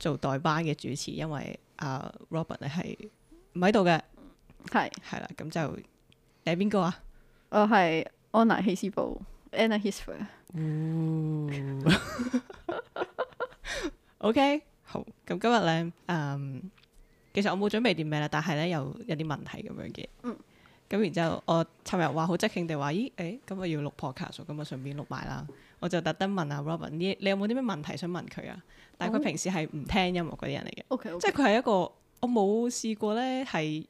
做代班嘅主持，因為啊 Robert 咧係唔喺度嘅，係係啦，咁就你係邊個啊？Robert, 是啊我係安娜希斯布 Anna hisbbuR。哦。 OK，好。咁今日咧，嗯，其實我冇準備啲咩啦，但係咧有有啲問題咁樣嘅。嗯。咁然之後，我尋日話好即興地話，咦？誒，咁我要錄 podcast，咁我順便錄埋啦。我就特登問阿 Robin，你你有冇啲咩問題想問佢啊？但係佢平時係唔聽音樂嗰啲人嚟嘅，哦、即係佢係一個我冇試過咧，係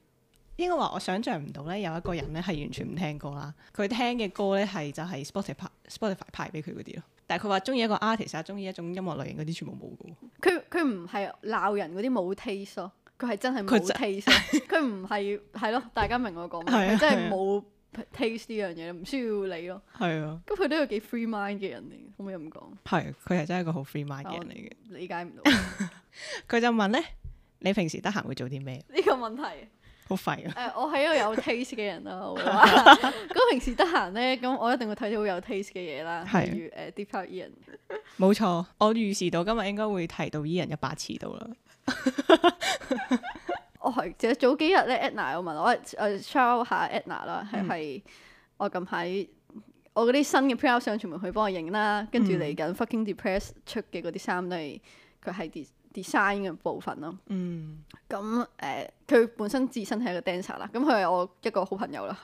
應該話我想象唔到咧，有一個人咧係完全唔聽，聽歌啦。佢聽嘅歌咧係就係 Sp Spotify，Spotify 派俾佢嗰啲咯。但係佢話中意一個 artist，中意一種音樂類型嗰啲全部冇嘅。佢佢唔係鬧人嗰啲冇 taste 咯。佢係真係冇 taste，佢唔係係咯，大家明我講咩？佢真係冇 taste 呢樣嘢，唔需要理咯。係啊，咁佢都要幾 free mind 嘅人嚟嘅，可唔可以咁講？係，佢係真係一個好 free mind 嘅人嚟嘅。理解唔到，佢就問咧：你平時得閒會做啲咩？呢個問題好廢啊！誒，我係一個有 taste 嘅人啦。我會話，咁平時得閒咧，咁我一定會睇到好有 taste 嘅嘢啦，例如誒 DPR Ian。冇錯，我預示到今日應該會提到 Ian 一百次到啦。我係，其實早幾日咧，Edna 我問我，我誒 show 下 Edna 啦、嗯，係係我近排我嗰啲新嘅 PR 相全部佢幫我影啦，跟住嚟緊、嗯、fucking depressed 出嘅嗰啲衫都係佢係 design 嘅部分咯。咁誒、嗯、佢、呃、本身自身係一個 dancer 啦，咁佢係我一個好朋友啦。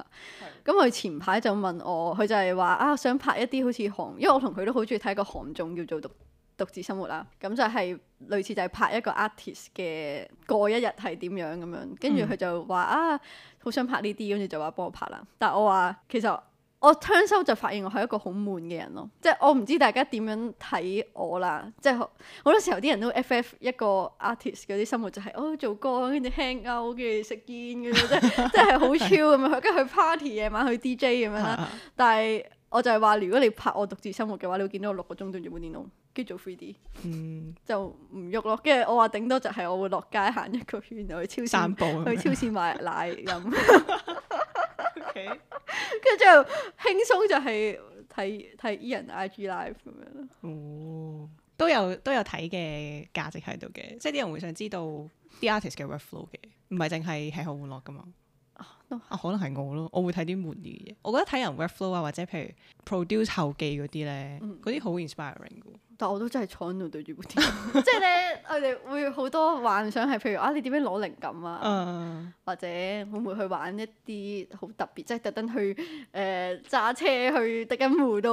咁佢的前排就問我，佢就係話啊，想拍一啲好似韓，因為我同佢都好中意睇個韓綜叫做獨自生活啦，咁就係類似就係拍一個 artist 嘅過一日係點樣咁樣，跟住佢就話、嗯、啊，好想拍呢啲，跟住就話幫我拍啦。但係我話其實我聽收就發現我係一個好悶嘅人咯，即係我唔知大家點樣睇我啦。即係好多時候啲人都 ff 一個 artist 嘅啲生活就係、是、哦做歌，跟住 hang out，跟住食煙跟住即係好 chill 咁樣，跟住去 party 夜晚去 DJ 咁樣啦。但係我就係話如果你拍我獨自生活嘅話，你會見到我六個鐘對住部電腦。跟住做 three D，嗯，就唔喐咯。跟住我話頂多就係我會落街行一個圈，去超市，散單步，去超市買奶飲。OK，跟住之後輕鬆就係睇睇 Ian IG live 咁樣咯。哦，都有都有睇嘅價值喺度嘅，即係啲人會想知道啲 artist 嘅 workflow 嘅，唔係淨係食喝玩樂噶嘛。啊。可能係我咯，我會睇啲無聊嘅。我覺得睇人 workflow 啊，或者譬如 produce 後記嗰啲咧，嗰啲好 inspiring 嘅。嗯 但我都真係坐喺度對住部電腦，即係咧，我哋會好多幻想係，譬如啊，你點樣攞靈感啊，嗯、或者會唔會去玩一啲好特別，即係特登去誒揸，呃、車去特登回到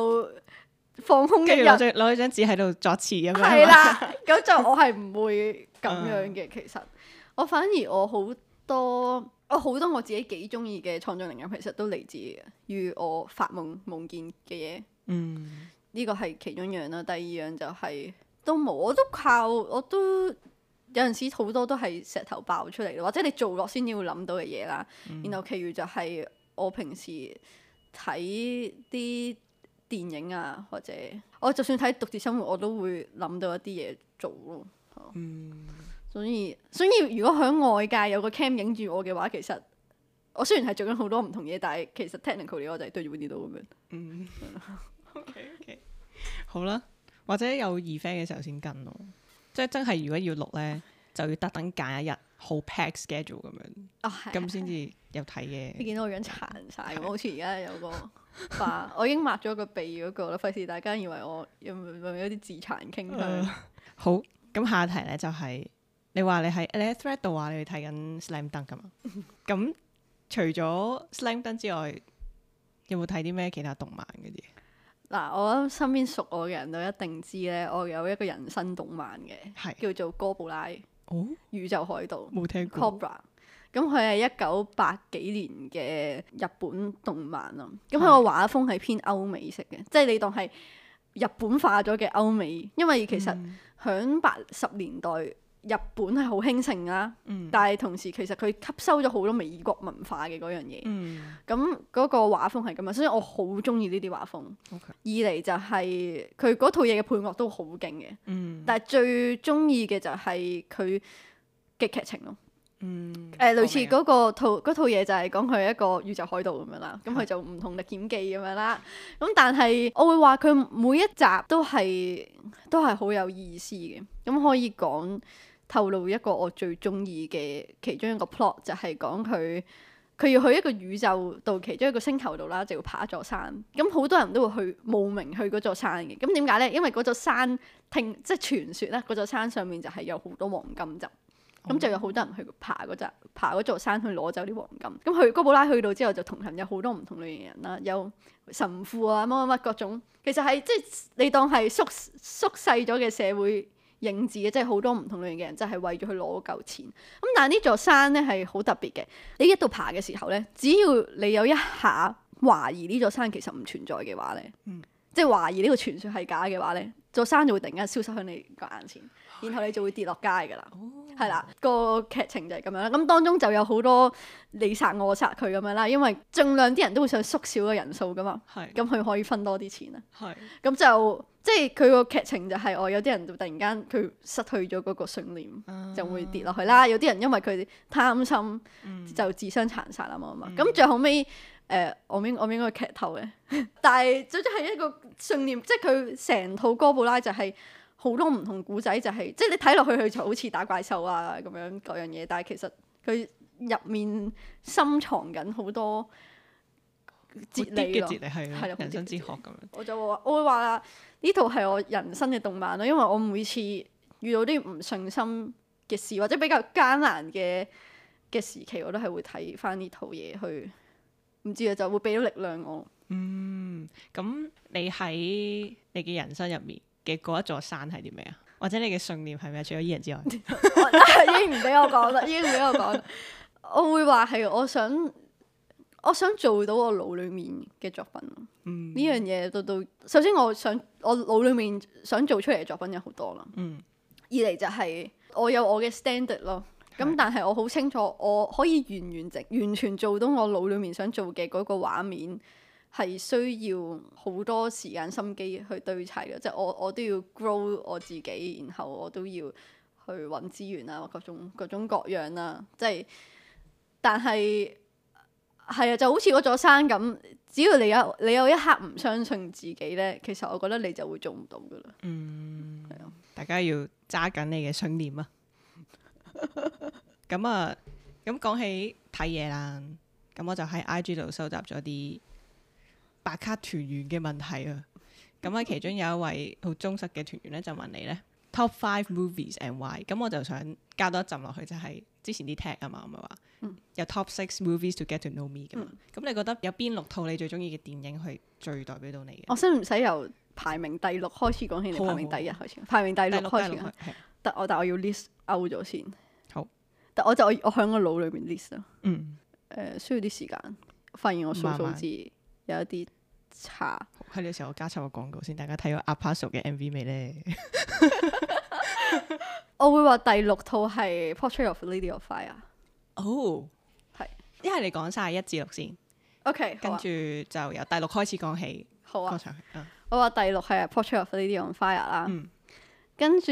放空嘅人，攞一張紙喺度作詞咁樣。係啦吧，咁 就我係唔會咁樣嘅。嗯、其實我反而我好多我好多我自己幾中意嘅創作靈感，其實都嚟自於我發夢夢見嘅嘢。嗯。呢個係其中一樣啦，第二樣就係、是、都冇，我都靠，我都有陣時好多都係石頭爆出嚟，或者你做落先要諗到嘅嘢啦。嗯、然後其、就是，其餘就係我平時睇啲電影啊，或者我就算睇《獨自生活》，我都會諗到一啲嘢做咯。嗯、所以所以如果喺外界有個 cam 影住我嘅話，其實我雖然係做緊好多唔同嘢，但係其實 technical 嚟我就係對住電腦咁樣。嗯 好啦，或者有二 e f e r 嘅時候先跟咯，即係真係如果要錄咧，啊、就要特登揀一日好 pack schedule 咁樣，咁先至有睇嘢。你見到我樣殘晒，咁的好似而家有個疤， 我已經抹咗個鼻嗰個啦，費事大家以為我有冇有啲自殘傾向。啊啊、好，咁下題咧就係、是，你話你喺你 thread 度、er、話你睇緊 slam dunk 啊嘛，咁 除咗 slam dunk 之外，有冇睇啲咩其他動漫嗰啲？嗱、啊，我諗身邊熟我嘅人都一定知咧，我有一個人生動漫嘅，是叫做哥布拉，哦、宇宙海盜冇聽過。Cobra，咁佢係一九八幾年嘅日本動漫啊，咁佢個畫風係偏歐美式嘅，即係你當係日本化咗嘅歐美，因為其實響八十年代。嗯日本係好興盛啦，嗯、但係同時其實佢吸收咗好多美國文化嘅嗰樣嘢，咁嗰、嗯嗯嗰個畫風係咁啊，所以我好中意呢啲畫風。Okay. 二嚟就係佢嗰套嘢嘅配樂都好勁嘅，嗯、但係最中意嘅就係佢嘅劇情咯。誒、嗯呃，類似嗰、嗰個、套套嘢就係講佢係一個宇宙海盜咁樣啦，咁佢就唔同歷險記咁樣啦。咁的但係我會話佢每一集都係都係好有意思嘅，咁可以講。透露一個我最中意嘅其中一個 plot，就係講佢佢要去一個宇宙到其中一個星球度啦，就要爬一座山。咁好多人都會去慕名去嗰座山嘅。咁點解呢？因為嗰座山聽，即係傳説咧，嗰座山上面就係有好多黃金就。咁、嗯、就有好多人去爬嗰座爬嗰座山去攞走啲黃金。咁去哥布拉去到之後就同行有好多唔同類型人啦，有神父啊，乜乜乜各種。其實係即係你當係縮縮細咗嘅社會。認字嘅即係好多唔同類型嘅人，即係為咗去攞嗰嚿錢。咁但係呢座山咧係好特別嘅，你一度爬嘅時候咧，只要你有一下懷疑呢座山其實唔存在嘅話咧，嗯、即係懷疑呢個傳說係假嘅話咧。座山就會突然間消失喺你個眼前，的然後你就會跌落街㗎啦，係啦、哦，個劇情就係咁樣啦。咁當中就有好多你殺我殺佢咁樣啦，因為盡量啲人都會想縮小個人數噶嘛，係的，咁佢可以分多啲錢啊，係的。咁就即係佢個劇情就係、是、我有啲人就突然間佢失去咗嗰個信念，嗯、就會跌落去啦。有啲人因為佢貪心，嗯、就自相殘殺啦嘛嘛。咁、嗯嗯、最後尾。誒，我應我應該劇透嘅， 但係總之係一個信念，即係佢成套哥布拉就係好多唔同古仔，就係即係你睇落去，佢就好似打怪獸啊咁樣嗰樣嘢。但係其實佢入面深藏緊好多哲理咯，哲理係咯，人生哲學咁樣。我就會話，我會話啦，呢套係我人生嘅動漫咯，因為我每次遇到啲唔順心嘅事，或者比較艱難嘅嘅時期，我都係會睇翻呢套嘢去。唔知啊，就會俾到力量我。嗯，咁你喺你嘅人生入面嘅嗰一座山係啲咩啊？或者你嘅信念係咩？除咗依人之外， 已經唔俾我講啦，已經唔俾我講啦。 我會話係我想，我想做到我腦裏面嘅作品。嗯，呢樣嘢到到，首先我想我腦裏面想做出嚟嘅作品有好多啦。嗯，二嚟就係、是、我有我嘅 standard 咯。咁、嗯、但係我好清楚，我可以完完整完全做到我腦裏面想做嘅嗰個畫面，係需要好多時間心機去堆砌嘅，即係、我我都要 grow 我自己，然後我都要去揾資源啊，各種各種各樣啦，即係，但係係啊，就好似嗰座山咁，只要你有你有一刻唔相信自己呢，其實我覺得你就會做唔到噶啦。嗯，係啊，大家要揸緊你嘅信念啊！.咁啊，咁講起睇嘢啦，咁我就喺 IG 度收集咗啲白卡團員嘅問題啊。咁啊，其中有一位好忠實嘅團員咧，就問你咧，Top Five Movies and Why？咁我就想加多一浸落去，就係之前啲 tag 啊嘛，我咪話有 Top Six Movies to Get to Know Me 噶嘛。咁你覺得有邊六套你最中意嘅電影係最代表到你嘅？我使唔使由排名第六開始講起？你排名第一開始？排名第六開始啊？得，我但我要 list out 咗先。但我就我我喺我腦裏邊 list 咯，嗯呃，誒需要啲時間，發現我數數字有一啲差。喺呢慢 個時候我加插個廣告先，大家睇過阿 p a s 嘅 MV 未咧？我會話第六套係 Portrait of Lady on Fire。哦，係一係你講晒一至六先，OK，跟住就由第六開始講起。好啊，嗯，我話第六係 Portrait of Lady on Fire 啦，嗯，跟住。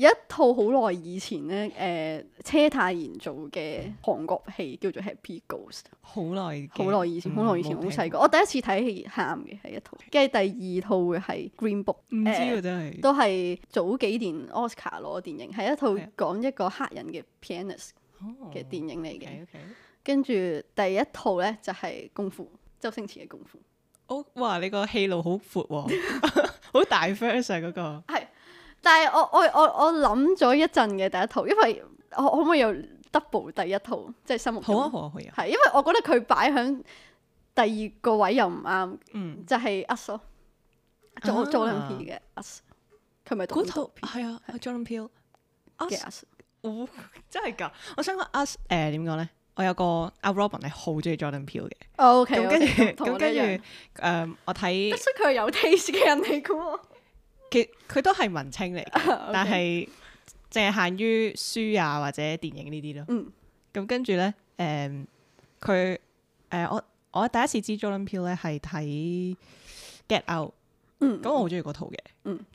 一套好耐以前咧，誒、呃、車太賢做嘅韓國戲叫做《Happy Ghost》，好耐，好耐以前，好耐、嗯、以前好細個。我第一次睇戲喊嘅係一套，跟住 Okay. 第二套嘅係《Green Book、啊》呃，唔知喎真係都係早幾年 Oscar 攞嘅電影，係一套講一個黑人嘅 pianist 嘅電影嚟嘅。跟住、oh, okay , okay. 第一套咧就係功夫，周星馳嘅功夫。哦，oh, 哇！你個戲路好闊喎、哦，好大 diverse 啊嗰但係我我我我諗咗一陣嘅第一套，因為我可唔可以又 double 第一套即係心目？好啊好啊可以。係因為我覺得佢擺喺第二個位又唔啱，嗯、就係 Us 咯，啊啊，Jordan Peele 嘅 Us，佢咪讀？嗰套係啊，Jordan Peele，Us，真係㗎！我想講 Us 誒點講咧？我有個阿 Robin 係好中意 Jordan Peele 嘅。OK，咁跟住咁跟住誒，我睇。Us 佢係有 taste 嘅人嚟嘅佢佢都係文青嚟，但係淨係限於書啊或者電影呢啲咯。咁、嗯、跟住咧，誒、嗯，佢誒、呃、我我第一次知 Jordan Peele 咧係睇《Get Out》，嗯。嗯。嗯，咁我好中意嗰套嘅。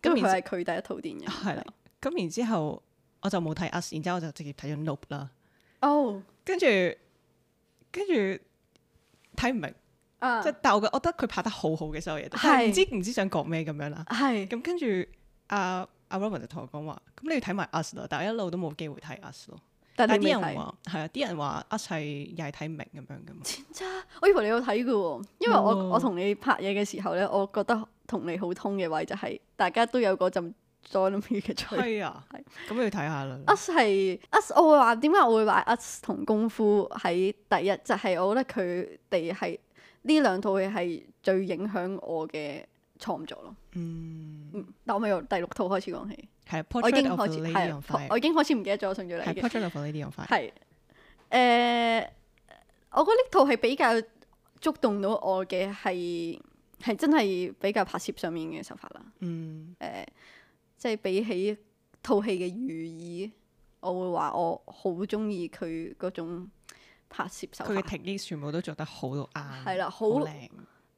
咁因為佢係佢第一套電影。係啦，咁然之後我就冇睇《Us》，然之後我就直接睇咗《Nope》啦。哦，跟住跟住睇唔明。即係，但係我嘅，覺得佢拍得好好嘅所有嘢，都係唔知唔知想講咩咁樣啦。係咁跟住，阿阿 Robin 就同我講話，咁你要睇埋 Us 咯。但係一路都冇機會睇 Us 咯。但係啲人話係啊，啲人話 Us 係又係睇唔明咁樣噶嘛？我以為你有睇噶喎。因為我我同你拍嘢嘅時候咧，我覺得同你好通嘅位就係大家都有嗰陣 join me 嘅趣。係啊，係咁是要睇下啦。Us 係 Us，我會話點解我會話 Us 同功夫喺第一？就係、是、我覺得佢哋係。呢兩套戲係最影響我嘅創作咯。嗯，但我咪由第六套開始講起。我已經開始我已經開始唔記得咗我順序嚟嘅。Portrait of a Lady on Fire。誒，我覺得呢套係比較觸動到我嘅係係真係比較拍攝上面嘅手法啦。嗯。呃，即係比起套戲嘅寓意，我會話我好中意佢嗰種。拍攝手佢嘅停機全部都做得好到啱，係啦，好靚，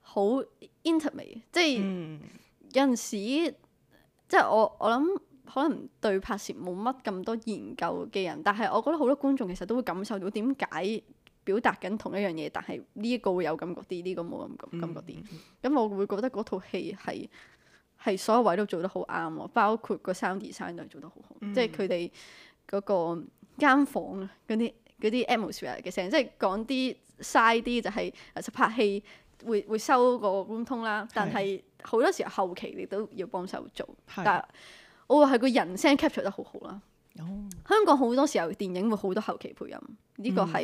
好 i n t e r m a t e 即係、嗯、有陣時，即係我我諗可能對拍攝冇乜咁多研究嘅人，但係我覺得好多觀眾其實都會感受到點解表達緊同一樣嘢，但係呢一個會有感覺啲，呢、這個冇感覺感覺啲。咁、嗯、我會覺得嗰套戲係係所有位都做得好啱喎，包括個三 D d e s 都係做得好好，嗯、即係佢哋嗰個房間房嗰啲。嗰啲 atmosphere 嘅聲，即係講啲嘥啲就係誒拍戲會會收個 room tone 啦，但係好多時候後期你都要幫手做。的但係我話係個人聲 capture 得好好啦。Oh. 香港好多時候電影會好多後期配音，呢個係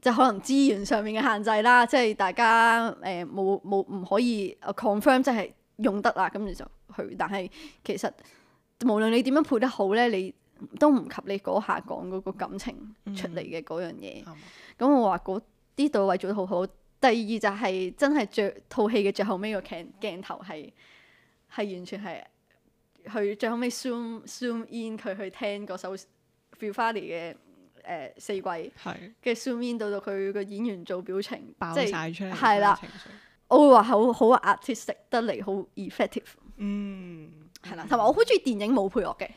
即係可能資源上面嘅限制啦，即係大家誒冇冇唔可以 confirm 即係用得啦，咁就去。但係其實無論你點樣配得好咧，你。都唔及你嗰下講嗰個感情出嚟嘅嗰樣嘢。咁、嗯嗯嗯、我話嗰啲對位做得好好。第二就係真係最套戲嘅最後尾個鏡鏡頭係係完全係佢最後尾 zoom zoom in 佢去聽嗰首《Vivaldi 嘅誒四季。跟住 zoom in 到到佢個演員做表情是、就是、爆晒出嚟。係啦，我會話好好 artistic 得嚟，好 effective。嗯，係啦，同埋、嗯、我好中意電影冇配樂嘅。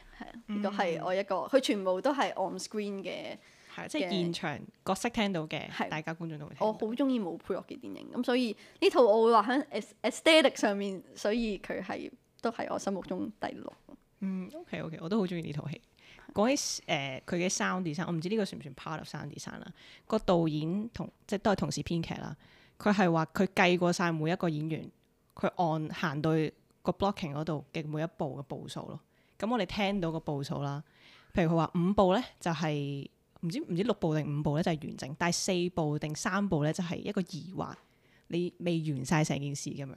呢個係我一個，佢全部都係 on screen 嘅，係的的即係現場角色聽到嘅，係的大家觀眾都會聽。我好中意冇配樂嘅電影，咁所以呢套我會話喺 aesthetic 上面，所以佢係都係我心目中第六。嗯，OK OK，我都好中意呢套戲。講起誒佢嘅 sound design，我唔知呢個算唔算 part of sound design 啦、啊。個導演同即係都係同時編劇啦。佢係話佢計過晒每一個演員，佢按行到個 blocking 嗰度嘅每一步嘅步數咯。咁我哋聽到個步數啦，譬如佢話五步咧就係、是、唔知唔知六步定五步咧就係完整，但係四步定三步咧就係一個疑惑，你未完晒成件事咁樣，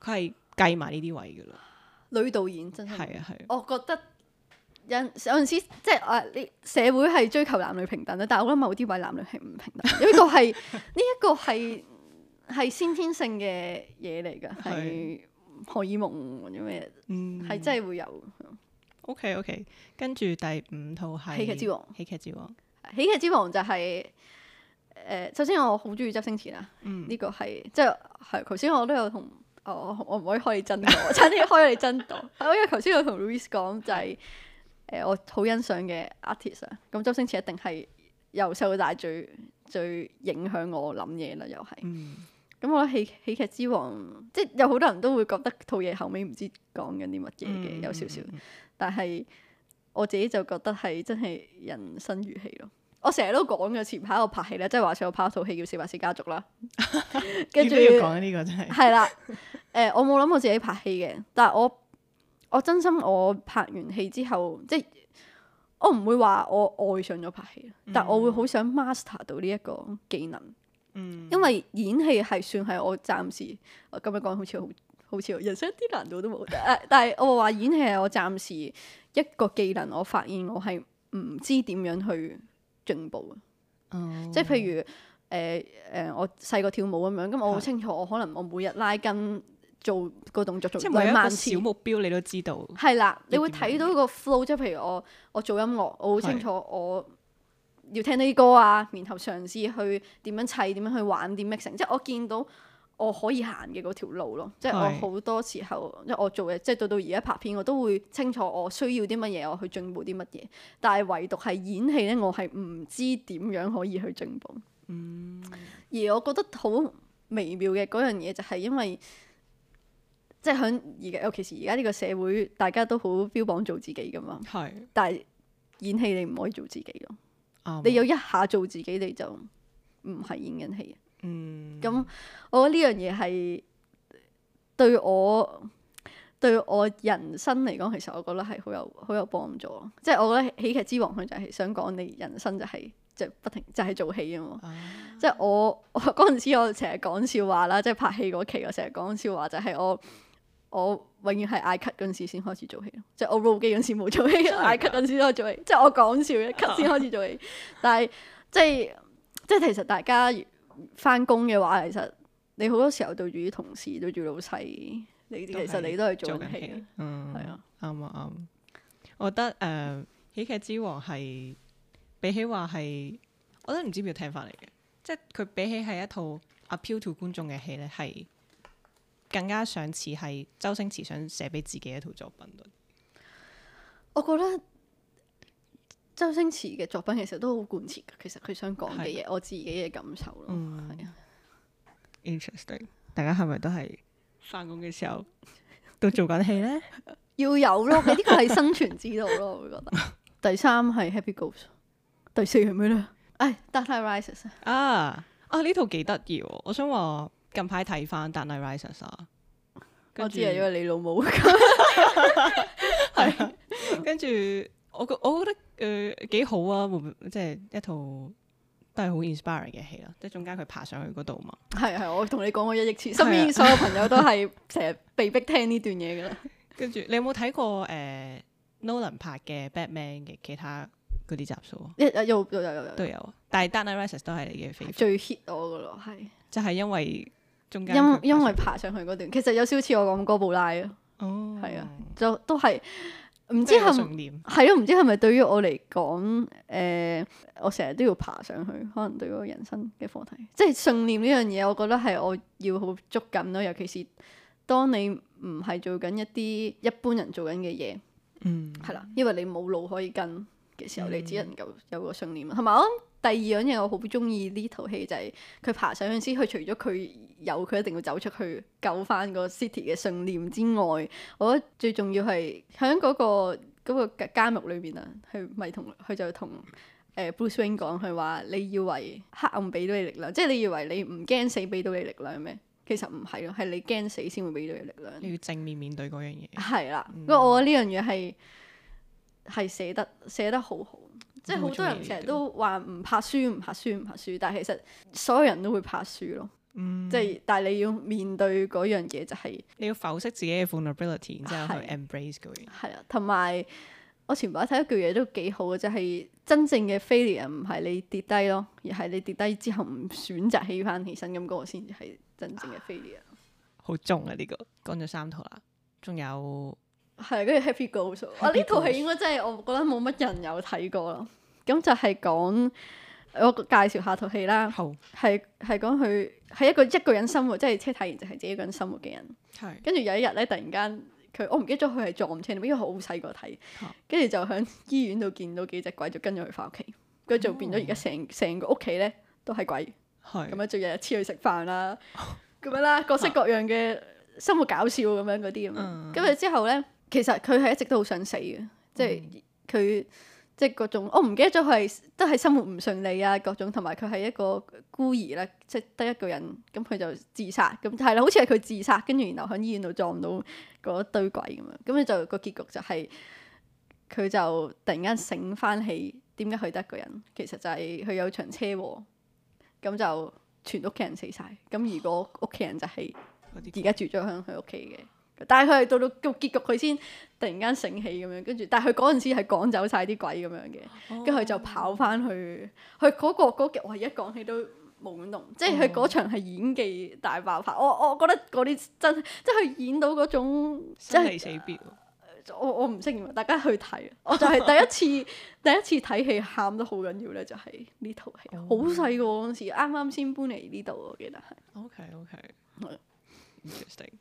佢係計埋呢啲位噶啦。女導演真係係啊係、啊、我覺得有有陣時即係誒、啊，你社會係追求男女平等啊，但係我覺得某啲位男女係唔平等。呢 個係呢一個係係先天性嘅嘢嚟噶，係是荷爾蒙或者咩，係、嗯、真係會有。O K O K，跟住第五套係喜劇之王。喜劇之王，喜劇之王就係、是、誒、呃，首先我好中意周星馳啦。嗯，呢個係即係，係頭先我都有同我我我唔可以開你爭我 差點開你爭到。係 因為頭先我同 Louis 講就係、是、誒、 呃，我好欣賞嘅 artist，咁周星馳一定係由細到大最最影響我諗嘢啦，又係。嗯咁我覺得喜喜劇之王，即係有好多人都會覺得套嘢後尾唔知講緊啲乜嘢嘅，嗯、有少少。嗯嗯、但係我自己就覺得係真係人生如戲咯。我成日都講嘅，前排我拍戲咧，即係話說我拍一套戲叫《史密斯家族》啦。跟住 著 要講呢、啊呢個真係係啦。誒， 我冇諗過我自己拍戲嘅，但係我我真心我拍完戲之後，即係我唔會話我愛上咗拍戲，嗯、但我會好想 master 到呢一個技能。嗯、因為演戲係算係我暫時，我今日講好似好好似人生一啲難度都冇，但係我話演戲係我暫時一個技能，我發現我係唔知點樣去進步、哦、即係譬如誒誒、呃，我細個跳舞咁樣，咁我好清楚，我可能我每日拉筋做個動作做，做即係每一個小目標你都知道，係啦，你會睇到個 flow，即係譬如我我做音樂，我好清楚我。要聽呢啲歌啊，然後嘗試去點樣砌、點樣去玩、點 mixing，即係我見到我可以行嘅嗰條路咯。的即係我好多時候，即係我做嘅，即係到到而家拍片，我都會清楚我需要啲乜嘢，我去進步啲乜嘢。但係唯獨係演戲咧，我係唔知點樣可以去進步。嗯、而我覺得好微妙嘅嗰樣嘢就係因為，即係響而家，尤其是而家呢個社會，大家都好標榜做自己噶嘛。的但係演戲你唔可以做自己咯。你有一下做自己，你就唔係演緊戲。嗯，咁我覺得呢樣嘢係對我對我人生嚟講，其實我覺得係好有好有幫助。即係我覺得喜劇之王佢就係想講，你人生就係即係不停就係做戲啊嘛。即係我我嗰 時我成日講笑話啦，即係拍戲嗰期我成日講笑話就係我。我永遠係挨 cut 嗰時先開始做戲咯，即係我錄機嗰陣時冇做戲，挨 cut 嗰陣時先做戲，即係我講笑一 cut 先開始做戲。但係即係即係其實大家翻工嘅話，其實你好多時候對住啲同事、對住老細，你其實你都係做緊戲。嗯，係啊，啱啊啱。我覺得誒、呃、喜劇之王係比起話係，我都唔知點聽翻嚟嘅，即係佢比起係一套 appeal to 觀眾嘅戲咧，係。更加上次係周星馳想寫俾自己一套作品，我覺得周星馳嘅作品其實都好貫徹，其實佢想講嘅嘢，的我自己嘅感受咯。Interesting。大家係咪都係翻工嘅時候都做緊戲咧？要有咯，呢個係生存之道咯。 我覺得 第三係 Hello Ghost，第四係咩咧？哎 Dark Knight Rises 啊！啊呢、啊、套幾得意，我想話。近排睇翻《d u n n i r i s e 啊，我知係因為你老母啊，係跟住我覺我覺得誒幾好啊，即係一套都係好 inspiring 嘅戲啦，即係中間佢爬上去嗰度嘛。係係，我同你講過一億次，身邊所有朋友都係成日被逼聽呢段嘢噶啦。跟住你有冇睇過誒 Nolan 拍嘅《Batman》嘅其他嗰啲集數啊？有，有，有，又又都有，但係《d u n n i r i s e 都係你嘅 f a 最 hit 我噶咯，係就係因為。因因為爬上去嗰段，其實有少少似我講哥布拉啊，係啊、oh.，就都係唔知係唔係，係咯，唔知係咪對於我嚟講，誒、呃，我成日都要爬上去，可能對我個人生嘅課題，即係信念呢樣嘢，我覺得係我要好捉緊咯，尤其是當你唔係做緊一啲一般人做緊嘅嘢，嗯，係啦，因為你冇路可以跟嘅時候，你只能夠有個信念啊，係咪、嗯。第二樣嘢我好中意呢套戲就係、是、佢爬上去先。佢除咗佢有佢一定要走出去救翻個 city 嘅信念之外，我覺得最重要係喺嗰個嗰、那個監獄裏面啊，佢咪同佢就同誒 Bruce Wayne 講，佢話你以為黑暗俾到你力量，即係你以為你唔驚死俾到你力量咩？其實唔係咯，係你驚死先會俾到你力量。你要正面面對嗰樣嘢。係啦的，不過、嗯、我覺得呢樣嘢係係寫得寫得好好。即係好多人成日都話唔怕輸唔怕輸唔怕輸，但係其實所有人都會怕輸咯。嗯、即係但係你要面對嗰樣嘢就係、是、你要剖析自己嘅 vulnerability 然之後去 embrace 佢是。係啊,同埋我前排睇一句嘢都幾好嘅，就係、是、真正嘅 failure 唔係你跌低咯，而係你跌低之後唔選擇起翻起身咁嗰個先至係真正嘅 failure、啊。好重啊呢、這個講咗三套啦，仲有。係，跟住 Hello Ghost。啊，呢套戲應該真係我覺得冇乜人有睇過啦。咁就係講我介紹下套戲啦。好，係係講佢係一個一個人生活，即係車太賢就係自己一個人生活嘅人。跟住有一日咧，突然間佢我唔記得咗佢係撞車定咩，因為好細個睇。跟住就喺醫院度見到幾隻鬼，就跟住佢翻屋企，跟住就變咗而家成成個屋企咧都係鬼。咁樣就日日黐佢食飯啦，咁樣啦，各式各樣嘅生活搞笑咁樣嗰啲咁。咁啊之後咧。其實佢係一直都好想死嘅，即係佢、嗯、即係各種，我唔記得咗佢係都係生活唔順利啊，各種同埋佢係一個孤兒啦，即係得一個人，咁佢就自殺，咁係啦，好似係佢自殺，跟住然後喺醫院度撞到嗰堆鬼咁樣，咁就、個結局就係、是、佢就突然間醒翻起點解佢得一個人，其實就係佢有場車禍，咁就全屋企人死晒。咁如果屋企人就係而家住咗喺佢屋企嘅。但係佢係到到結局佢先突然間醒起咁樣，跟住但係佢嗰陣時係趕走晒啲鬼咁樣嘅，跟住佢就跑翻去，佢嗰、哦嗰個嗰劇、嗰個、我一講起都冇咁動，嗯、即係佢嗰場係演技大爆發。我我覺得嗰啲真即係演到嗰種即係死，我我唔識點形容，大家去睇， 我就係第一次 第一次睇戲喊得好緊要咧，就係呢套戲。好細個嗰陣時，啱啱先搬嚟呢度，我記得係。OK OK。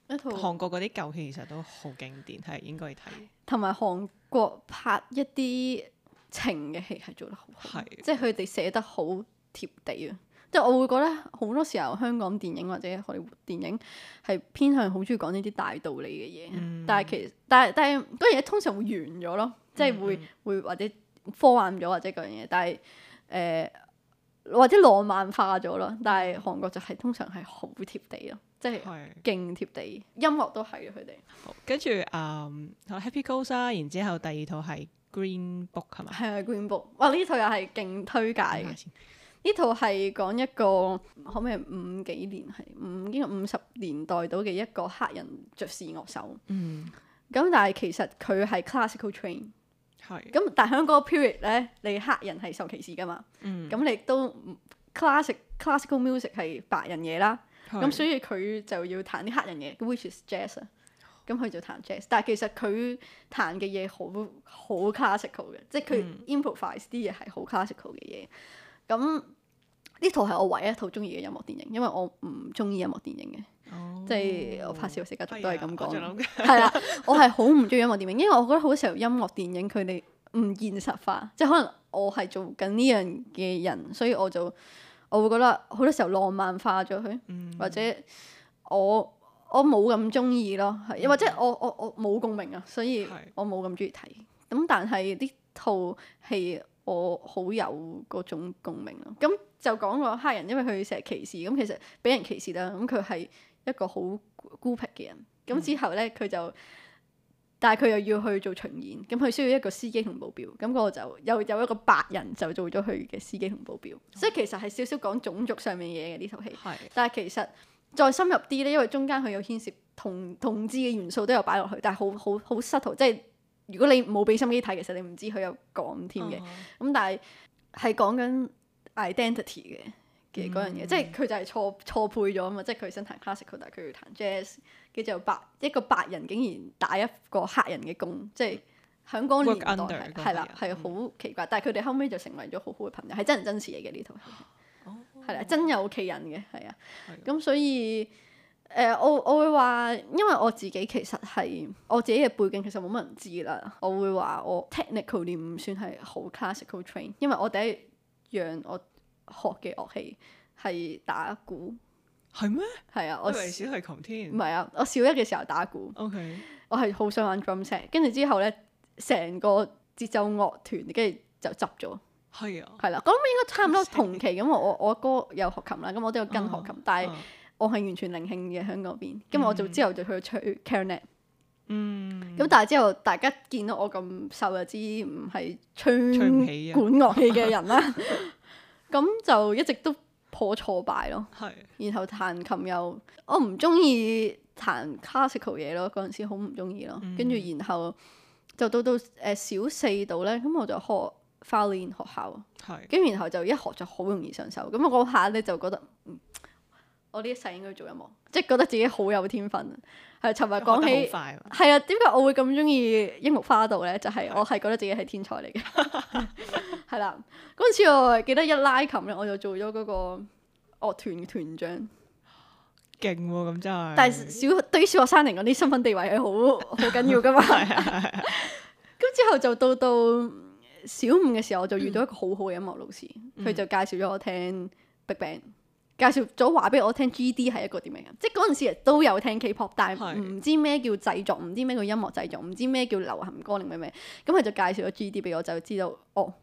一套韓國嗰啲舊戲其實都好經典，係應該去睇。同埋韓國拍一啲情嘅戲係做得好，係的即係佢哋寫得好貼地啊。即係我會覺得好多時候香港電影或者韓國電影係偏向好中意講呢啲大道理嘅嘢，嗯，但係其實但係但係當然通常會完咗咯，即係會會、嗯、或者科幻咗或者嗰樣嘢，但係誒、呃、或者浪漫化咗咯。但係韓國就係、是、通常係好貼地咯。即係勁貼地，的音樂都係佢哋。跟住，嗯，好，Happy Goes 啊！然之後第二套係《Green Book》係咪？係啊，《Green Book》哇，呢套又係勁推介。呢套係講一個可唔可以五幾年係五應該五十年代到嘅一個黑人爵士樂手。咁、嗯、但係其實佢係 classical train 的。咁但係喺嗰個 period 咧，你黑人係受歧視㗎嘛？咁、嗯、你都 classic classical music 係白人嘢啦。咁、 嗯、所以佢就要彈啲黑人嘢，which is jazz 啊。咁佢就彈 jazz，但係其實佢彈嘅嘢好好 classical 嘅，即係佢 improvise 啲嘢係好 classical 嘅嘢。咁呢套係我唯一一套中意嘅音樂電影，因為我唔中意音樂電影嘅，哦、即係我拍攝我時刻都都係咁講，係啦、哎，我係好唔中意音樂電影，因為我覺得好多時候音樂電影佢哋唔現實化，即係可能我係做緊呢樣嘅人，所以我就。我會覺得好多時候浪漫化咗佢，嗯、或者我我冇咁中意咯，係、嗯，或者我我我冇共鳴啊，所以我冇咁中意睇。咁、嗯、但係呢套戲我好有嗰種共鳴咯。咁就講個黑人，因為佢成日歧視，咁其實俾人歧視啦。咁佢係一個好孤僻嘅人。咁之後咧，佢就～、嗯但係佢又要去做巡演，咁佢需要一個司機同保鏢，咁我就有有一個白人就做咗佢嘅司機同保鏢，嗯、所以其實係少少講種族上面嘢嘅呢套戲。的但係其實再深入啲呢，因為中間佢有牽涉同同志嘅元素都有擺落去，但係好好好 subtle，即係如果你冇俾心機睇，其實你唔知佢有講添嘅。咁、嗯哼嗯、但係係講緊 identity 嘅。嘅嗰樣嘢，嗯、即係佢就係錯錯配咗啊嘛！即係佢想彈 classical，但係佢要彈 jazz。叫做白一個白人，竟然打一個黑人嘅工，即係響嗰年代係啦，係好奇怪。但係佢哋後尾就成為咗好好嘅朋友，係真人真事嚟嘅呢套戲，係啊、哦哦，真有其人嘅，係啊。咁、哎、呀所以誒、呃，我我會話，因為我自己其實係我自己嘅背景，其實冇乜人知啦。我會話我 technically 唔算係好 classical train，因為我第一樣我學嘅樂器係打鼓，係咩嗎？係啊，我以為係琴添。唔係啊，我小一嘅、啊、時候打鼓。O Okay . K，我係好想玩 drum set 跟住之後咧，成個節奏樂團，跟住就執咗。係啊，係啦、啊。咁應該差唔多同期，咁惡我我阿哥又學琴啦，咁我都有跟學琴。但係我係、啊啊、完全靈性嘅喺嗰邊，咁我做之後就去吹 clarinet 嗯，咁、嗯、但係之後大家見到我咁瘦，就知唔係吹管樂器嘅人啦。 咁就一直都頗挫敗咯，的然後彈琴又我唔中意彈 classical 嘢咯，嗰陣時好唔中意咯，跟住、嗯、然後就到到誒、呃、小四度呢，咁我就學法蘭學校，跟住的然後就一學就好容易上手，咁嗰下呢，就覺得、嗯、我呢一世應該做音樂，即係覺得自己好有天分。係尋日講起，係啊，點解我會咁中意櫻木花道呢，就係、是、我係覺得自己係天才嚟嘅。 係啦，嗰陣時我記得一拉琴咧，我就做咗嗰個樂團嘅團長，勁喎咁真係。但係小對於小學生嚟講，啲身份地位係好好緊要㗎嘛。咁之後就到到小五嘅時候，我就遇到一個好好嘅音樂老師，佢、嗯、就介紹咗我聽 Big Bang，介紹咗話俾我聽 G D 係一個點樣，即係嗰陣時都有聽 K-pop，但係唔知咩叫製作，唔的知咩叫，叫音樂製作，唔知咩叫流行歌定咩咩。咁佢就介紹咗 G D 俾我，就知道哦。哦哦哦哦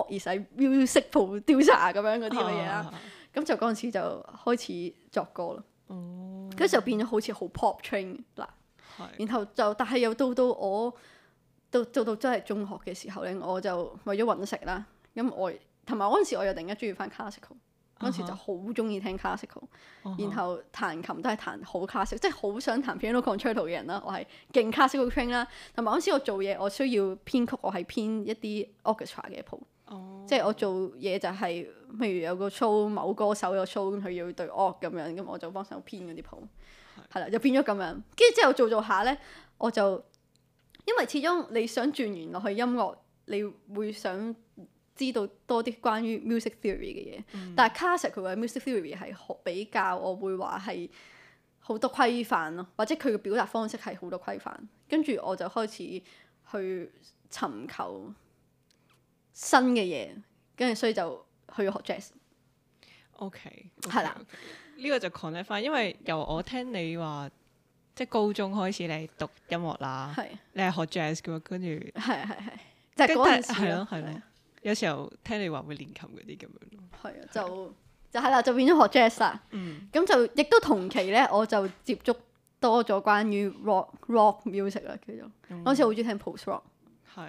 而使 music producer 咁樣啲嘅嘢啦，咁 就嗰陣時就開始作歌、oh. train, 啦。哦，跟住就變咗好似好 pop train 嗱，然後就但係又到到我到做到,到真係中學嘅時候咧，我就為咗揾食啦。咁我同埋嗰陣時我又突然間中意返 classical，嗰陣時就好中意聽 classical，、uh huh. 然後彈琴都係彈好 classical，、uh huh. 即係好想彈 piano concerto 嘅人啦。我係勁 classical train 啦，同埋嗰陣時我做嘢我需要編曲，我係編一啲 orchestra 嘅譜。Oh. 即係我做嘢就係、是，譬如有個 show，某歌手有 show，佢要對樂咁樣，咁我就幫手編嗰啲譜，係啦的，就編咗咁樣。跟住之後做做下呢，我就因為始終你想轉完落去音樂，你會想知道多啲關於 music theory 嘅嘢。嗯、但係 classical 佢嘅 music theory 係比較，我會話係好多規範咯，或者佢嘅表達方式係好多規範。跟住我就開始去尋求。新嘅嘢，跟住所以就去學 jazz。OK，係啦，呢個就 connect 翻，因為由我聽你話，即係高中開始你讀音樂啦，係你係學 jazz 嘅喎，跟住係係係，就嗰陣時咯，係咯，有時候聽你話會練琴嗰啲咁樣咯，係啊，就就係啦，就變咗學 jazz 啦，咁，嗯，就亦都同期咧，我就接觸多咗關於 rock rock music 啦叫做，嗯，我嗰時好中意聽 post rock。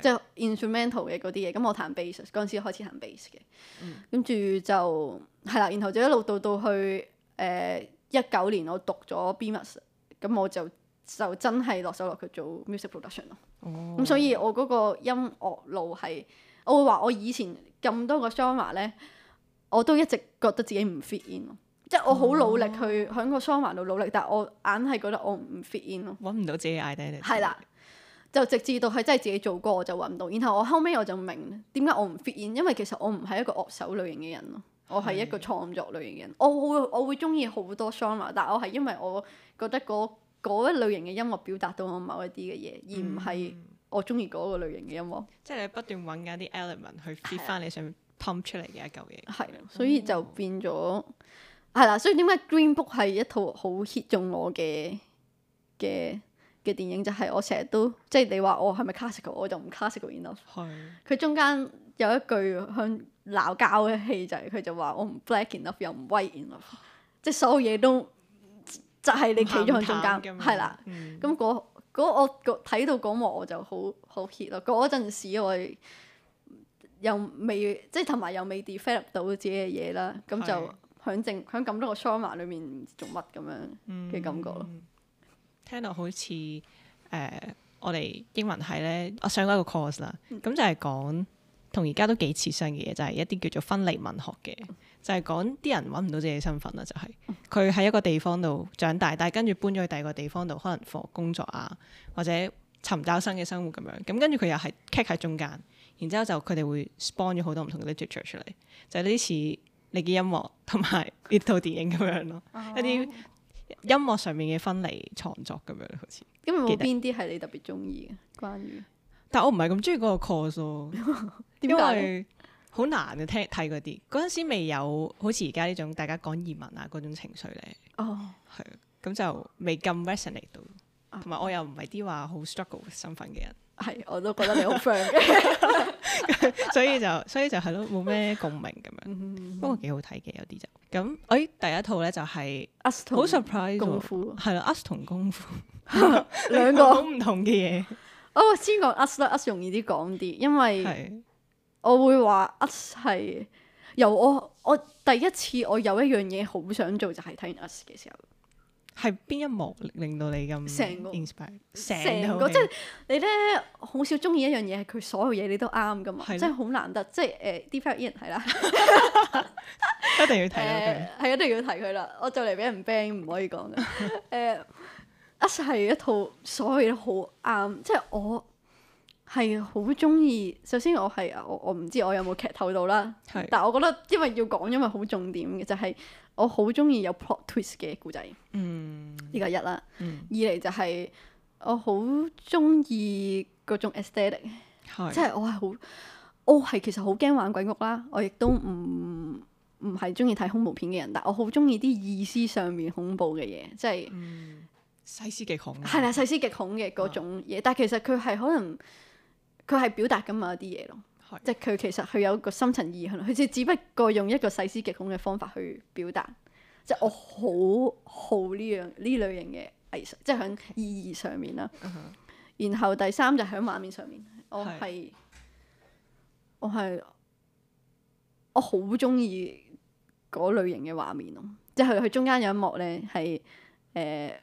即係 instrumental 嘅嗰啲嘢，咁是我彈 bass，嗰陣時開始彈 bass 嘅，跟住就係啦，然後就一路到到去誒一九年，我讀咗 b m a n s，咁我就就真係落手落去做 music production 咯。咁、哦、所以我嗰個音樂路係，我會話我以前咁多個 summer 咧，我都一直覺得自己唔 fit in 咯，即係我好努力去喺、哦、個 summer 度努力，但我硬係覺得我唔 fit in 咯，揾唔到自己嘅 idea 嚟。係啦。就直至到係真係自己做歌，我就揾唔到。然後我後尾我就明點解我唔 fit in，因為其實我唔係一個樂手類型嘅人咯，我係一個創作類型嘅人。我會我會中意好多 song 但我係因為我覺得嗰一類型嘅音樂表達到我某一啲嘅嘢，而唔係我中意嗰個類型嘅音樂。嗯嗯、即係你不斷揾緊啲 element 去 fit 翻的你想 pump 出嚟嘅一嚿嘢。係的，嗯、所以就變咗係啦。所以點解 Green Book 係一套好 hit 中我嘅嘅？嘅電影就係我成日都，即係你話我係咪 classical，我就唔 classical enough。佢，是中間有一句響鬧交嘅戲就係、是、佢就話我唔 black enough 又唔 white enough，即係所有嘢都就係你企咗喺中間係啦。咁嗰我睇到嗰幕我就好好 hit 咯。嗰、那、陣、個、時我又未，即係同埋又未 develop 到自己嘅嘢啦，咁就喺正喺咁、啊、多個 schema 裏面做乜咁樣嘅感覺咯。嗯嗯聽到好似誒、呃，我哋英文系咧，我、啊、上過一個 course 啦、嗯，咁就係講同而家都幾似相嘅嘢，就係、是、一啲叫做分離文學嘅，就係講啲人揾唔到自己嘅身份啦，就係佢喺一個地方度長大，但係跟住搬咗去第二個地方度，可能放工作啊，或者尋找新嘅生活咁樣，咁跟住佢又係 kept 喺中間，然之後就佢哋會 spawn 咗好多唔同嘅 literature 出嚟，就係呢啲似你嘅音樂同埋呢套電影咁樣咯，哦、一啲。音樂上面嘅分離創作咁樣、哦 麼，好似咁有冇邊啲係你特別中意嘅？關於，但我唔係咁中意嗰個 course 咯，因為好難嘅聽睇嗰啲，嗰陣時未有好似而家呢種大家講移民啊嗰種情緒咧，哦，係，咁就未咁 resonate 到，同埋我又唔係啲話好 struggle 身份嘅人。係，我都覺得你好 friend， 所以就所以就係咯，冇咩共鳴咁樣， 不過幾好睇嘅，有啲就咁。誒、哎，第一套咧就係、是、Us，好跟 surprise 功夫係啦、嗯、，Us 同功夫兩 個好唔 同嘅嘢。哦，先講 Us，Us 容易啲講啲，因為我會話 Us 係由我我第一次我有一樣嘢好想做就係、是、睇完 Us 嘅時候。係邊一幕令到你咁 inspire 成個，個，個即係你咧，好少中意一樣嘢，係佢所有嘢你都啱噶嘛？係咯的，真係好難得。即係誒 DPR IAN 係啦 呃，一定要提佢。係一定要提佢啦。我就嚟俾人 bang 唔可以講嘅。誒、 呃，阿 Sir 係一套所有嘢都好啱，即係我。係好中意，首先我係我我唔知我有冇劇透到啦。是但係我覺得因為要講，因為好重點嘅就係我好中意有 plot twist 嘅故仔。嗯，呢個一啦。嗯、二嚟就係我好中意嗰種 aesthetic，即係我係好，我係其實好驚玩鬼屋啦。我亦都唔唔係中意睇恐怖片嘅人，但我好中意啲意思上面恐怖嘅嘢，即係細思極恐。係啦、嗯，細思極恐嘅嗰種嘢，啊、但係其實佢係可能。佢係表達緊某一啲嘢咯，的即係佢其實佢有個深層意義，佢只不過用一個細思極恐嘅方法去表達，即係我好好呢樣呢類型嘅藝術，的即係響意義上面啦。的然後第三就喺畫面上面，的我係我係我好中意嗰類型嘅畫面咯，即係佢中間有一幕咧係誒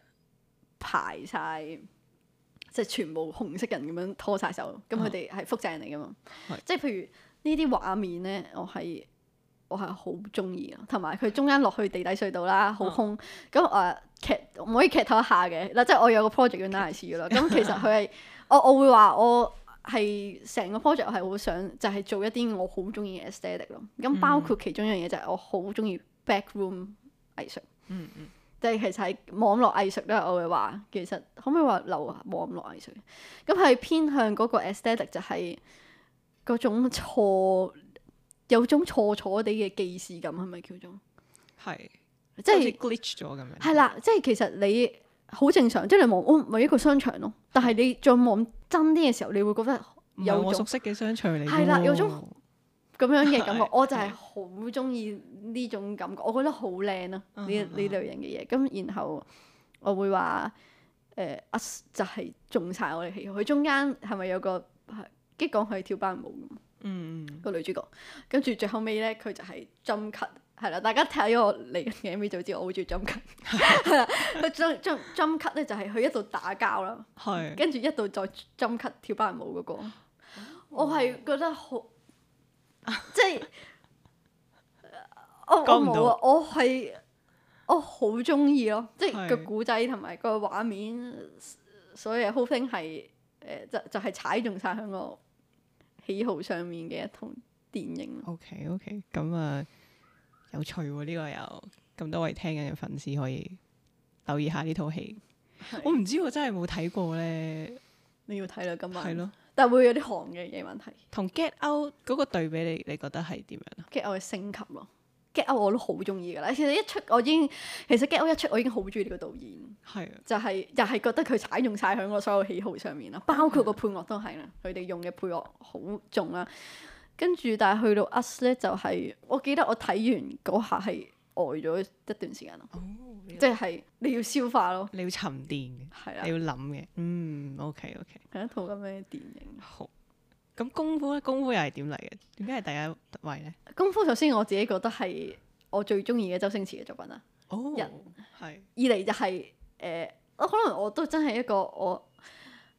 排晒。即係全部紅色人咁樣拖晒手，咁佢哋係複製人嚟噶嘛？是即係譬如呢啲畫面咧，我係我係好中意，同埋佢中間落去地底隧道啦，好空。咁誒、嗯嗯，劇唔可以劇透一下嘅嗱，即係我有一個 project 叫 Night City 啦。咁、nice、 其實佢係我我會話我係成個 project 係好想就係做一啲我好中意嘅 aesthetic 咯。咁包括其中一樣嘢就係我好中意 back room 藝術。嗯嗯。即係其實係網絡藝術咧，我會話其實可唔可以話流網絡藝術？咁係偏向嗰個 aesthetic 就係嗰種錯，有種錯錯啲嘅既視感係咪叫做？係，即係 glitch 咗咁樣。係啦，即係其實你好正常，即係你望我唔係一個商場咯，但係你再望真啲嘅時候，你會覺得有種熟悉嘅商場嚟。係啦，有種。咁樣嘅感覺，是我就係好中意呢種感覺，嗯、我覺得好靚咯，呢呢類型嘅嘢、啊。咁、嗯、然後我會話誒、呃、Us 就係中晒我哋戲友。佢中間係咪有個即講佢係跳芭蕾舞嘅？嗯，個女主角。跟住最後尾咧，佢就係 jump cut。係啦。大家睇我嚟嘅 MV 就知我好中意 jump cut。佢 jump jump jump cut 咧，就係佢一度打交啦，跟住一度再 jump cut 跳芭蕾舞嗰、那個。我係覺得好。即係我講唔到啊！我係我好中意咯，即係個古仔同埋個畫面，所以好聽係誒就就係、是、踩中晒香港喜好上面嘅一套電影。O K O K，咁啊有趣呢、啊這個又咁多位聽緊嘅粉絲可以留意下呢套戲。的我唔知我真係冇睇過咧，你要睇啦今日。但會有啲寒嘅嘢問題。同《Get Out》嗰個對比，你你覺得係點樣啊？《Get Out》嘅升級咯，《Get Out》我都好中意噶啦。其實一出我已經，其實《Get Out》一出我已經好中意呢個導演，係啊的，就係又係覺得佢踩中晒響我所有喜好上面咯，包括個配樂都係啦。佢哋的用嘅配樂好重啦，啊，跟住但係去到《Us》咧，就係、是、我記得我睇完嗰下係呆咗一段時間咯。哦。即係你要消化咯，你要沉澱嘅，係啦的，你要諗嘅，嗯，OK OK，係一套咁嘅電影。好，咁功夫咧，功夫又係點嚟嘅？點解係第一位咧？功夫首先我自己覺得係我最中意嘅周星馳嘅作品啦。哦，人，係是。二嚟就係、是、誒，我、呃、可能我都真係一個我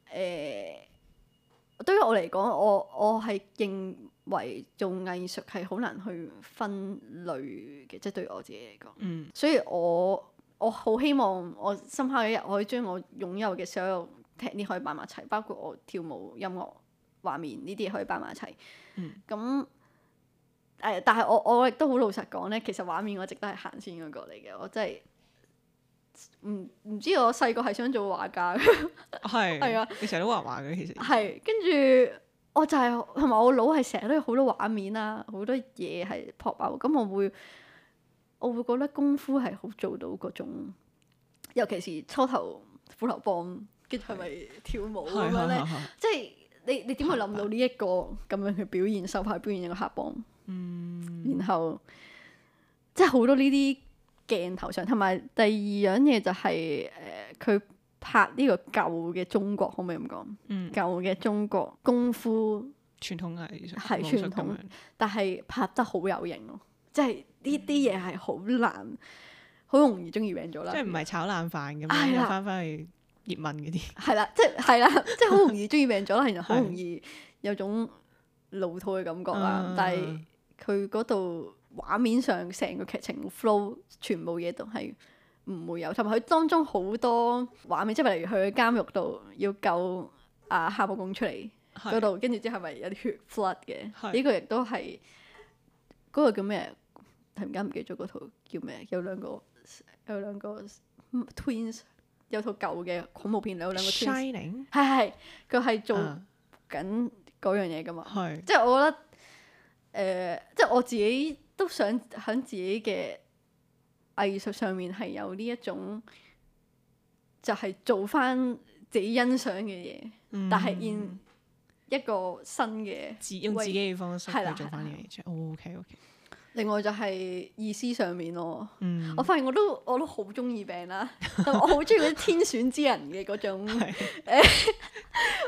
誒、呃，對於我嚟講，我我係認為做藝術係好難去分類嘅，即、就、係、是、對我自己嚟講，嗯，所以我。我好希望我深刻一日，我可以將我擁有嘅所有 technique 擺埋一齊，包括我跳舞、音樂、畫面呢啲可以擺埋一齊。咁誒、嗯嗯，但係我我亦都好老實講咧，其實畫面我一直都係行先嗰、嗰個嚟嘅，我真係唔唔知我細個係想做畫家嘅。係係是 啊，你成日都畫畫嘅其實。係，跟住我就係同埋我腦係成日都有好多畫面啊，好多嘢係撲爆。咁我會。我會覺得功夫係好做到嗰種，尤其是初頭斧頭幫，跟住係咪跳舞咁樣咧？即係你你點會諗到呢、這、一個咁樣去表現、手法、表現一個黑幫？嗯、然後即係好多呢啲鏡頭上，同埋第二樣嘢就係誒佢拍呢個舊嘅中國，可唔可以咁講？嗯，舊嘅中國功夫傳統藝術係傳統，術但係拍得好有型咯、哦，即係。呢啲嘢係好難，好容易中意病咗啦。即係唔係炒冷飯咁樣翻翻去熱吻嗰啲？係啦、啊，即係係啦，即係好容易中意病咗啦，係 啊，好容易有種老套嘅感覺啦。嗯、但係佢嗰度畫面上成個劇情 flow，全部嘢都係唔會有，同埋佢當中好多畫面，即係例如佢喺監獄度要救啊夏木公出嚟嗰度，跟住之後係咪有啲血 flood 嘅？呢是個亦都係嗰個叫咩？突然間唔記得咗嗰套叫咩？有兩個有兩個 twins，有套舊嘅恐怖片，有兩個 Shining 係係佢係做緊嗰樣嘢噶嘛？係是即係我覺得誒、呃，即係我自己都想喺自己嘅藝術上面係有呢一種，就係做翻自己欣賞嘅嘢，嗯、但係現一個新嘅用自己嘅方式去做翻呢樣嘢。O K O K。另外就係意思上面咯，嗯、我發現我都我都好中意病啦，我好中意嗰啲天選之人嘅嗰種， 我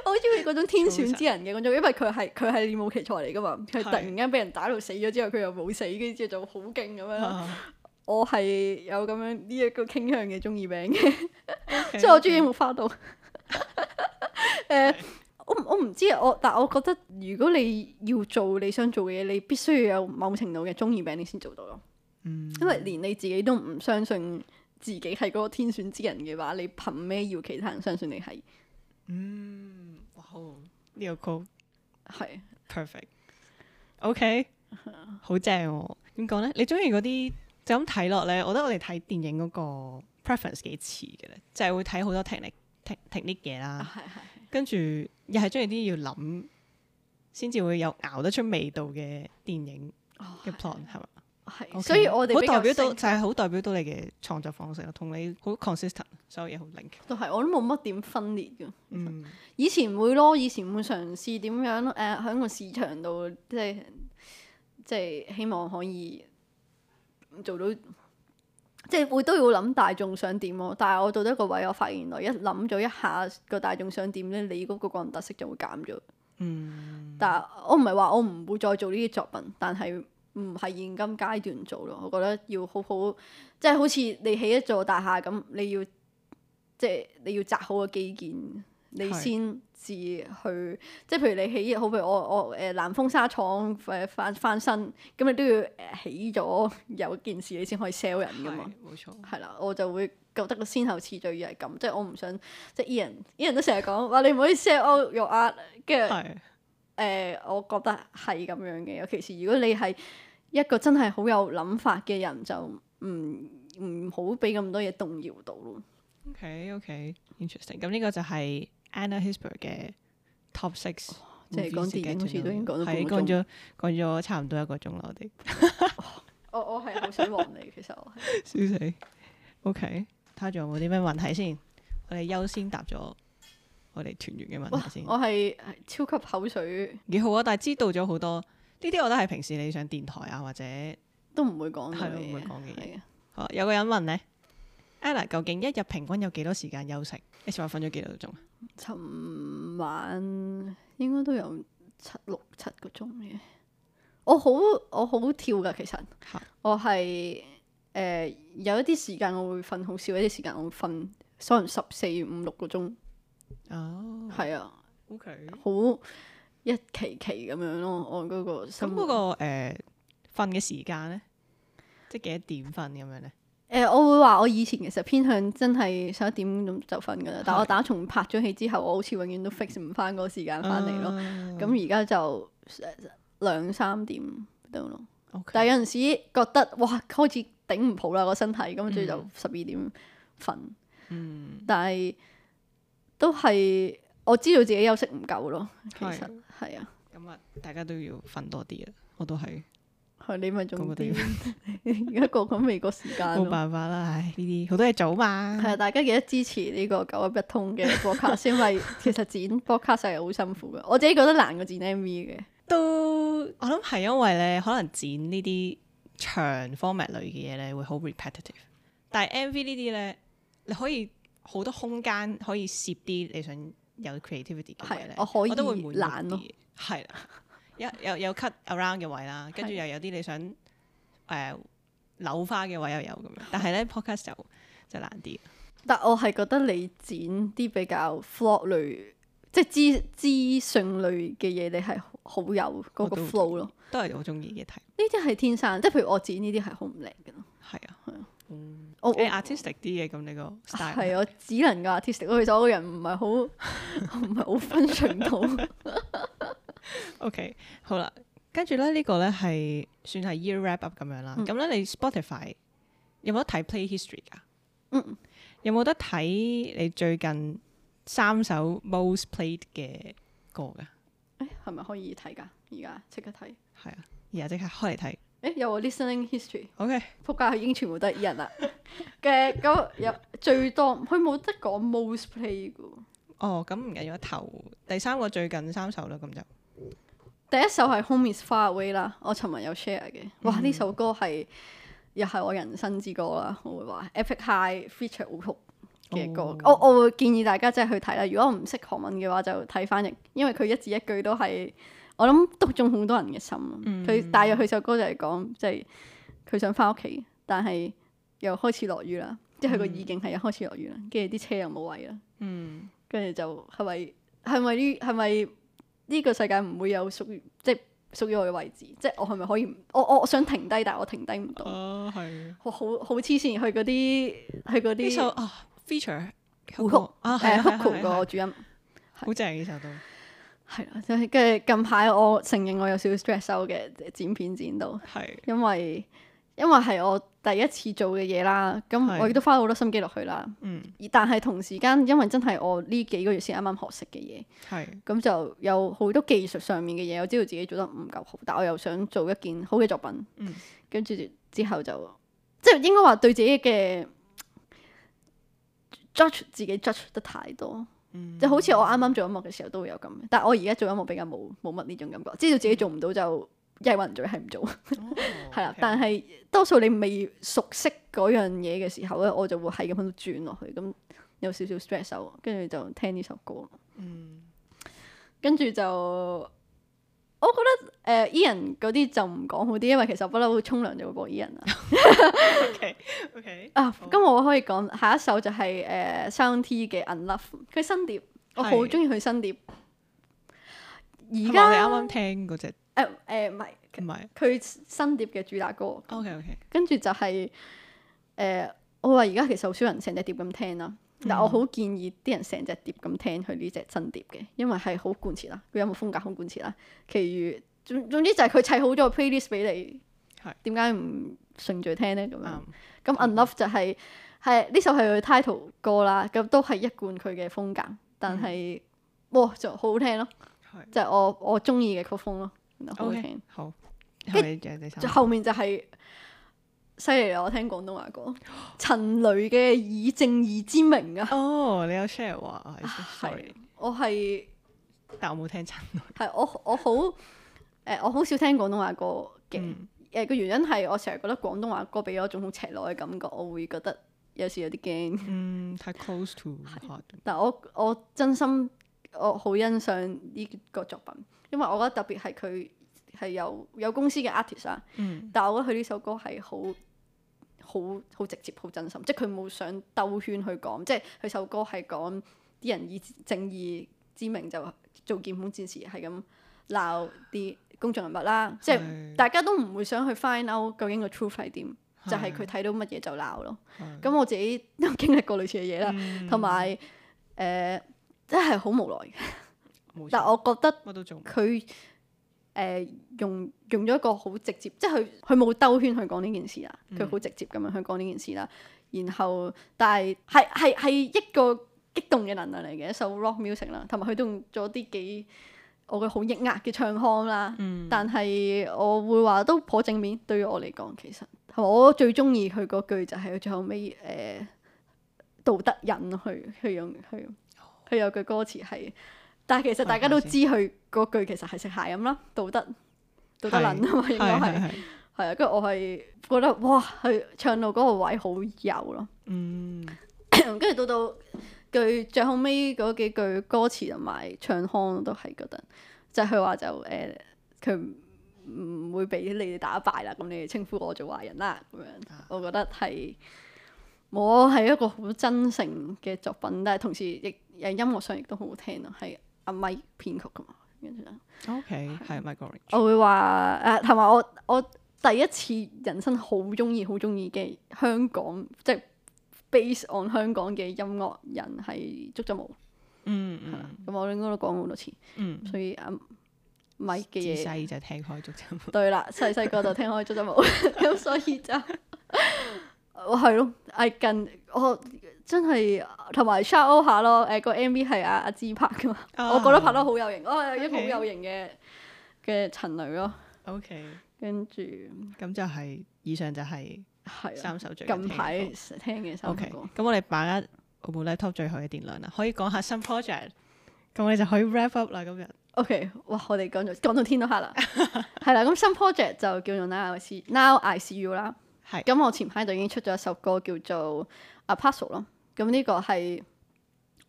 好中意嗰種天選之人嘅嗰種， 的 種，種，因為佢係佢係練武奇才嚟噶嘛，佢突然間俾人打到死咗之後，佢又冇死，跟住之後就好勁咁樣，我係有咁樣呢一個傾向嘅中意病嘅，即 係我中意木花道。誒 是的。 呃我我唔知啊，我，我但係我覺得如果你要做你想做嘅嘢，你必須要有某程度嘅中二病你先做到咯。嗯，因為連你自己都唔相信自己係嗰個天選之人嘅話，你憑咩要其他人相信你係？嗯，哇好、這個、哦，呢個高係 perfect，OK，好正。點講咧？你中意嗰啲就咁睇落咧？我覺得我哋睇電影嗰個 preference 幾似嘅咧，就係、是、會睇好多 technic、technic 嘢啦。係係、啊。跟住又係中意啲要諗，先至會有熬得出味道嘅電影嘅 plot，係嘛、哦？係，所以我哋好代表到就係、是、好代表到你嘅創作方式啦，同你好 consistent，所有嘢好 link。都係，我都冇乜點分裂㗎。嗯，以前會咯，以前會嘗試點樣，誒、呃、喺個市場度，即係即係希望可以做到。即係會都要諗大眾想點咯，但係我到咗一個位，我發現原來一諗咗一下個大眾想點咧，你嗰個個人特色就會減咗。嗯，但係我唔係話我唔會再做呢啲作品，但係唔係現今階段做咯。我覺得要好好，即係好似你起一座大廈咁，你要即係你要紮好個基建。你先至去，是即係譬如你起，好譬如我我誒、呃、南風沙廠誒、呃、翻翻身，咁你都要誒、呃、起咗有件事你先可以 sell 人噶嘛，冇錯係啦，我就會覺得個先後次序要係咁，即係我唔想，即係 Ian Ian 都成日講話你唔可以 sell 我肉鴨，跟住誒我覺得係咁樣嘅，尤其是如果你係一個真係好有諗法嘅人，就唔唔好俾咁多嘢動搖到咯。OK OK interesting，咁呢個就係、是。Anna hisbbuR 嘅 Top Six，oh, movie 即係講電影好似都已經講咗，係講咗講咗差唔多一個鐘咯。 我哋，我我係口水王嚟，其實我係，笑死。OK，睇下仲有冇啲咩問題先。我哋優先答咗我哋團員嘅問題先。我係超級口水，幾好啊！但係知道咗好多呢啲，我都係平時你上電台啊，或者都唔會講嘅嘢，唔的會講嘅嘢。好，有個人問咧。a n 究竟一日平均有幾多時間休息？一晚瞓咗幾多個鐘啊？尋晚應該都有七六七個鐘嘅。我好我好跳噶，其實、啊、我係誒、呃、有一啲時間我會瞓好少，一啲時間我會瞓可能十四五六個鐘。哦，係啊，OK，好一期期咁樣咯。我嗰個生咁嗰、那個誒瞓嘅時間咧，即係幾多點瞓咁樣咧？誒、呃，我會話我以前其實偏向真係十一點咁就瞓㗎喇，的但我打從拍咗戲之後，我好似永遠都 fix 唔翻個時間翻嚟咯。咁而家就兩三點到咯。Okay. 但係有陣時覺得哇，開始頂唔好啦個身體，咁所以就十二點瞓。嗯、但係都係我知道自己休息唔夠咯。其實係啊，咁啊，大家都要瞓多啲啊，我都係。係、哦、你咪重點？而家 過緊美國時間，冇辦法啦！唉，呢啲好多嘢做嘛。係啊， 大家記得支持呢個 9up1tone 嘅 podcast 先。 因為其實剪 podcast 實係好辛苦嘅，我自己覺得難過剪 M V 嘅。都我諗係因為咧，可能剪呢啲長 format 類嘅嘢咧，會好 repetitive。但係 M V 呢啲咧，你可以好多空間可以攝啲你想有 creativity 嘅嘢我可以懶咯，係啦。了是的 有有有 cut around 嘅位啦，跟住又有啲你想誒、呃、扭花嘅位又有咁樣，但係咧 podcast 就就難啲。但我係覺得你剪啲比較 flow 類，即係資資訊類嘅嘢，你係好有嗰個 flow 咯都，啦都係好中意嘅題。呢啲係天生，即係譬如我剪呢啲係好唔靚嘅咯。係啊係啊，我係 artistic 啲嘅，咁你個 style。係我只能夠 artistic，其實我個人唔係好唔係好分寸到。 OK，好啦，跟住咧呢個咧係算係 year wrap up 咁樣啦。咁咧、嗯、你 Spotify 有冇得睇 play history 噶？嗯，有冇得睇你最近三首 most played 嘅歌噶？誒、欸，係咪可以睇噶？而家即刻睇，係啊，而家即刻開嚟睇。誒、欸，有我 listening history。OK，仆街，已經全部都係人啦。嘅咁有最多，佢冇得講 most played 噶。哦，咁唔緊要，頭第三個最近三首啦，咁就。第一首係 Home is Far Away 啦，我尋日有 share 嘅，哇呢、嗯、首歌係又係我人生之歌啦，我會話 EPIK、哦、HIGH feat. OH HYUK 嘅歌，我我會建議大家真係去睇啦，如果我唔識韓文嘅話就睇翻譯，因為佢一字一句都係我諗篤中好多人嘅心，佢、嗯、大約佢首歌就係講即係佢想翻屋企，但係又開始落雨啦，嗯、即係佢個意境係又開始落雨啦，跟住啲車又冇位啦，跟住、嗯、就係咪係咪呢係咪？呢個世界唔會有屬於即係屬於我嘅位置，即係我係咪可以？我我我想停低，但係我停低唔到。啊，好好黐線去嗰啲去嗰啲。呢首啊，feature Hyukoh 啊，Hyukoh 個主音，好正呢首都。係啦，即係跟住近排我承認我有少少 stress out 嘅剪片剪到，係因為。因為係我第一次做嘅嘢啦，咁我亦都花好多心機落去啦。而、嗯、但係同時間，因為真係我呢幾個月先啱啱學識嘅嘢，咁就有好多技術上面嘅嘢，我知道自己做得唔夠好，但我又想做一件好嘅作品。嗯、跟住之後就即係應該話對自己嘅 judge 自己 judge 得太多。嗯、就好似我啱啱做音樂嘅時候都會有咁，但我而家做音樂比較冇冇乜呢種感覺，知道自己做唔到就。嗯一係混嘴係唔做，係啦。但係多數你未熟悉嗰樣嘢嘅時候咧，我就會係咁樣轉落去，咁有少少 stress 喎，跟住就聽呢首歌。嗯，跟住就，我覺得誒，Ian 嗰啲就唔講好啲，因為其實不嬲會沖涼就播 Ian 啦。OK OK 啊，咁我可以講下一首就係誒，Zion. T 嘅 UNLOVE，佢新碟，我好中意佢新碟。而家我哋啱啱聽嗰隻。誒誒唔係，唔係佢新碟嘅主打歌。OK OK 跟、就是。跟住就係誒，我話而家其實好少人成隻碟咁聽啦。嗱、嗯，但我好建議啲人成隻碟咁聽佢呢隻新碟嘅，因為係好貫徹啦。佢有冇風格好貫徹啦？其餘總總之就係佢砌好咗 playlist 俾你。係是。點解唔順序聽咧？咁樣。咁 UNLOVE 就係係呢首係佢 title 歌啦。咁都係一貫佢嘅風格，但係哇就好好聽咯，就係、是、我我中意嘅曲風咯。O K，好，即後面就係犀利啊！我聽廣東話歌，陳蕾嘅《以正義之名》啊！哦，你有 share 話我係，但我冇聽陳蕾，係我我好誒，我好少聽廣東話歌嘅誒個原因係，我成日覺得廣東話歌俾我一種好赤裸嘅感覺，我會覺得有時有啲驚，嗯，太 close to，但係我我真心我好欣賞呢個作品。因為我覺得特別係佢係有有公司嘅 artist，啊嗯、但係我覺得佢呢首歌係好好好直接，好真心，即係佢冇想兜圈去講，即係佢首歌係講啲人以正義之名就做鍵盤戰士，係咁鬧啲公眾人物啦。是的 即係大家都唔會想去 find out 究竟個 truth 係點，是的 就係佢睇到乜嘢就鬧咯。咁是的 我自己都經歷過類似嘅嘢啦，同埋誒，真係好無奈。但係我覺得佢誒、呃、用用咗一個好直接，即係佢佢冇兜圈去講呢件事啦。佢好、嗯、直接咁樣去講呢件事啦。然後，但係係係係一個激動嘅能量嚟嘅一首 rock music 啦，同埋佢用咗啲幾我嘅好抑壓嘅唱腔啦。嗯、但係我會話都頗正面，對於我嚟講其實係我最中意佢嗰句就係最後尾誒、呃、道德引去去用去去，去有句歌詞係。但係其實大家都知佢嗰句其實係食諧音咁啦，道德道德撚啊嘛，是應該係係啊。跟住 我係覺得哇，佢唱到嗰個位好幼咯，嗯。跟住 到到句最後尾嗰幾句歌詞同埋唱腔都係覺得，即係佢話就誒、是，佢、呃、唔會俾你哋打敗啦。咁你哋稱呼我做壞人啦咁樣，我覺得係我係一個好真誠嘅作品，但係同時亦係音樂上亦都好好聽咯，係。阿 Mike 編曲噶嘛？OK，係 Michael 我會話誒，同埋我我第一次人生好中意、好中意嘅香港，即係 base on 香港嘅音樂人係觸執毛。嗯嗯，咁我應該都講好多次。嗯，所以阿 Mike 嘅細就聽開觸執毛。 consumed 對啦，細細個就聽開觸執毛，咁所以就係咯，I 近，我。 lud Finally 真係同埋 shout out 下咯，誒、呃、個 M V 係阿阿姿拍嘅嘛，oh, 我覺得拍得好有型，okay. 哦一個好有型嘅嘅陳蕾咯。O Okay . K，跟住著咁就係以上就係三首最近排聽嘅首歌。O、okay. 咁我哋把握我部 laptop 最後嘅電量啦，可以講下新 Project，咁我哋就可以 wrap up 啦，今日。O、okay. K，哇，我哋講到講到天都黑啦，係啦， 咁新 Project 就叫做 Now I C Now I C U 啦，係是。咁我前排就已經出咗一首歌叫做 A Puzzle 咯。咁呢個係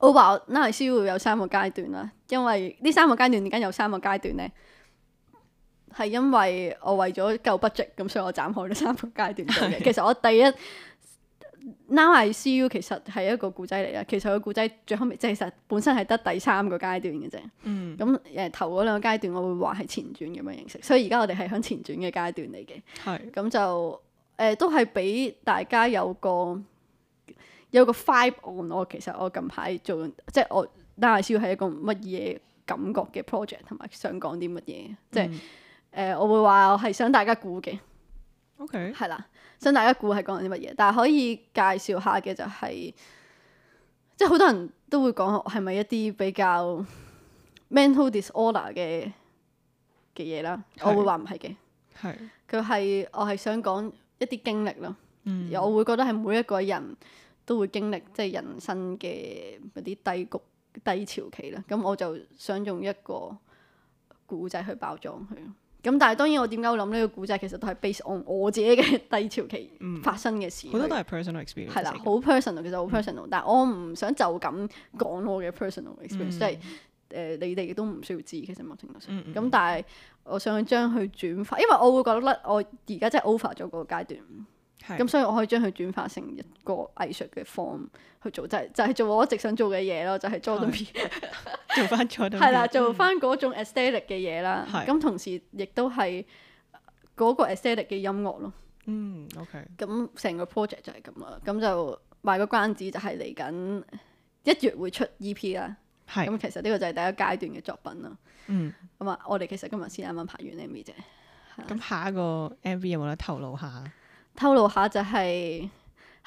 over now ICU 有三個階段啦，因為呢三個階段，點解有三個階段咧？係因為我為咗夠 budget 咁，所以我斬開咗三個階段， 其實我第一 now ICU 其實係一個古仔嚟嘅。其實個古仔最後尾，即係其實本身係得第三個階段嘅啫。嗯。咁誒、嗯、頭嗰兩個階段，我會話係前傳，咁樣形式。所以而家我哋係喺前傳嘅階段嚟嘅。係是。咁就誒、呃、都係俾大家有個。有個 five on 我其實我近排做即係我單阿超係一個乜嘢感覺嘅 project，同埋想講啲乜嘢，即係誒、嗯呃、我會話我係想大家估嘅，OK 係啦，想大家估係講啲乜嘢，但係可以介紹下嘅就係、是、即係好多人都會講係咪一啲比較 mental disorder 嘅嘅嘢啦，我會話唔係嘅，係佢係我係想講一啲經歷咯，嗯，我會覺得係每一個人。都會經歷即係人生嘅嗰啲低谷、低潮期啦。咁我就想用一個古仔去包裝佢。咁但係當然我點解會諗呢個古仔？其實都係 based on 我自己嘅低潮期發生嘅事。好多都係 personal experience。係啦，好 personal，其實好 personal，、嗯、但係我唔想就咁講我嘅 personal experience，、嗯、即係誒、呃、你哋都唔需要知其實某程度上。咁、嗯嗯、但係我想去將佢轉化，因為我會覺得我而家真係 over 咗嗰個階段。咁所以我可以將佢轉化成一個藝術嘅 form 去做，就係就係做我一直想做嘅嘢咯，就係 Jordan B，做翻 Jordan，係啦，做翻嗰種 aesthetic 嘅嘢啦。咁同時亦都係嗰個 aesthetic 嘅音樂咯。嗯，OK。咁成個 project 就係咁啦。咁就賣個關子，就係嚟緊一月會出 EP 啦。咁其實呢個就係第一階段嘅作品啦。嗯。咁啊，我哋其實今日先啱啱拍完 MV 啫。咁下一個 MV 有冇得透露下？透露下就係、是、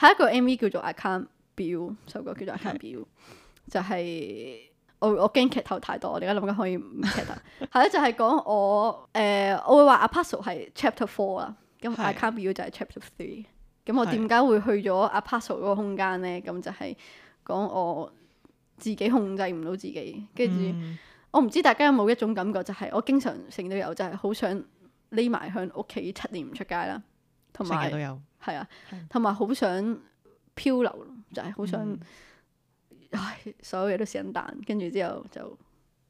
係一個 M V 叫做 I Can't Build，首歌叫做 I Can't Build，是就係、是、我我驚劇透太多，我而家諗緊可以唔劇透。係咧 就係、是、講我誒、呃，我會話 Apostle 係 Chapter Four 啦，咁 I Can't Build 就係、是、Chapter Three。咁我點解會去咗 Apostle 嗰個空間咧？咁是就係講我自己控制唔到自己。跟住、嗯、我唔知大家有冇一種感覺，就係、是、我經常性都有，就係、是、好想匿埋響屋企七年唔出街啦。成日都有，係啊，同埋好想漂流，就係、是、好想，嗯、唉，所有嘢都上彈，跟住之後就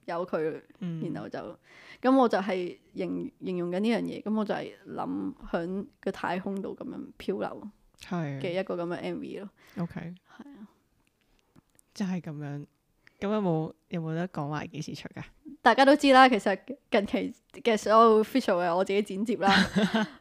有佢，然後就，咁、嗯、我就係形形容緊呢樣嘢，咁我就係諗響個太空度咁樣漂流，係嘅一個咁樣 MV 咯，OK，係啊，Okay. 啊就係咁樣。咁有冇有冇得講話？幾時出㗎？大家都知啦，其實近期嘅所有 official 嘅我自己剪接啦，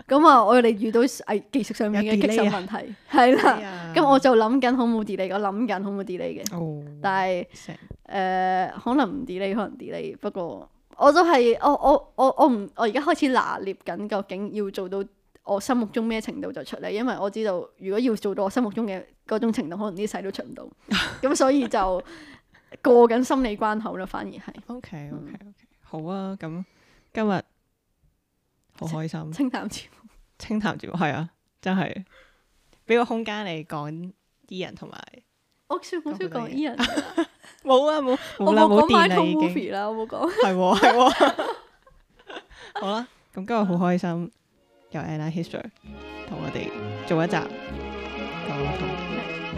咁啊、 嗯，我哋遇到誒技術上面嘅棘手問題，係啦 了，咁我就諗緊好冇 delay，我諗緊好冇 delay 嘅。但係誒，可能唔 delay，可能 delay。不過我都係我我我我唔，我而家開始拿捏緊，究竟要做到我心目中咩程度就出嚟，因為我知道，如果要做到我心目中嘅嗰種程度，可能呢世都出唔到。咁、 嗯、所以就。過緊心理關口啦，反而係。O K O K O K 好啊，咁今日好開心。清淡目，清淡目，係啊，真係俾個空間你講 E 人同埋。講 an, 我少好少講 E 人。冇 啊，冇，冇講電影啦，已經啦，我冇講。係係、啊。 好啦、啊，咁今日好開心，有 Anna History 同我哋做一集。講一講